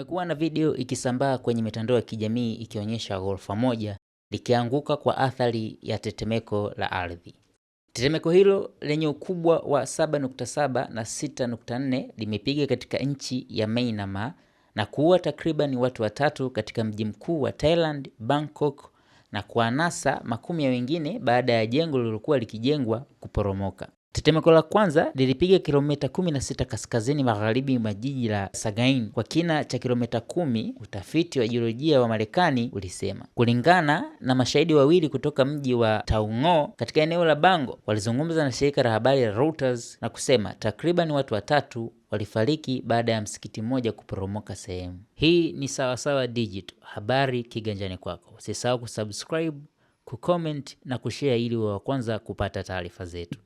Kumekuwa na video ikisambaa kwenye mitandao ya kijamii ikionyesha ghorofa moja likianguka kwa athari ya tetemeko la ardhi. Tetemeko hilo lenye ukubwa wa 7.7 na 6.4 limepiga katika nchi ya Myanmar na kuua takriban watu watatu katika mji mkuu wa Thailand, Bangkok, na kuanasa makumi ya wengine baada ya jengo lililokuwa likijengwa kuporomoka. Tetemeko la kwanza lilipiga kilomita 16 kaskazini magharibi mwa jiji la Sagain kwa kina cha kilomita kumi, utafiti wa jiolojia wa Marekani ulisema. Kulingana na mashahidi wawili kutoka mji wa Taung'o katika eneo la Bango, walizungumza na shirika la habari la Reuters na kusema takriban watu watatu walifariki baada ya msikiti mmoja kuporomoka sehemu. Hii ni Sawasawa Digital, habari kiganjani kwako. Usisahau kusubscribe, kucomment na kushare ili wa kwanza kupata taarifa zetu.